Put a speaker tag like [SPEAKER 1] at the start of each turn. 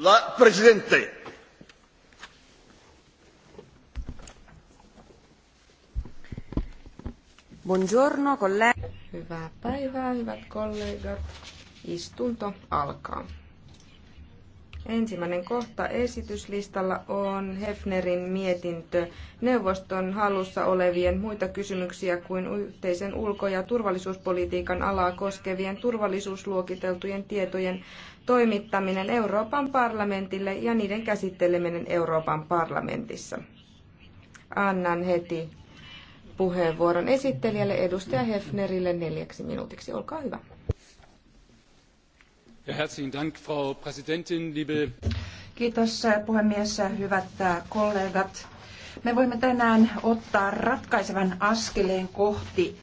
[SPEAKER 1] La Presidente.
[SPEAKER 2] Buongiorno,
[SPEAKER 3] Hyvää päivää, hyvät kollegat. Istunto alkaa. Ensimmäinen kohta esityslistalla on Hefnerin mietintö neuvoston halussa olevien muita kysymyksiä kuin yhteisen ulko- ja turvallisuuspolitiikan alaa koskevien turvallisuusluokiteltujen tietojen toimittaminen Euroopan parlamentille ja niiden käsitteleminen Euroopan parlamentissa. Annan heti puheenvuoron esittelijälle edustaja Hefnerille neljäksi minuutiksi. Olkaa hyvä.
[SPEAKER 4] Frau Präsidentin, liebe
[SPEAKER 2] Kiitos äh, puhemies, äh, hyvät äh, kollegat. Me voimme tänään ottaa ratkaisevan askeleen kohti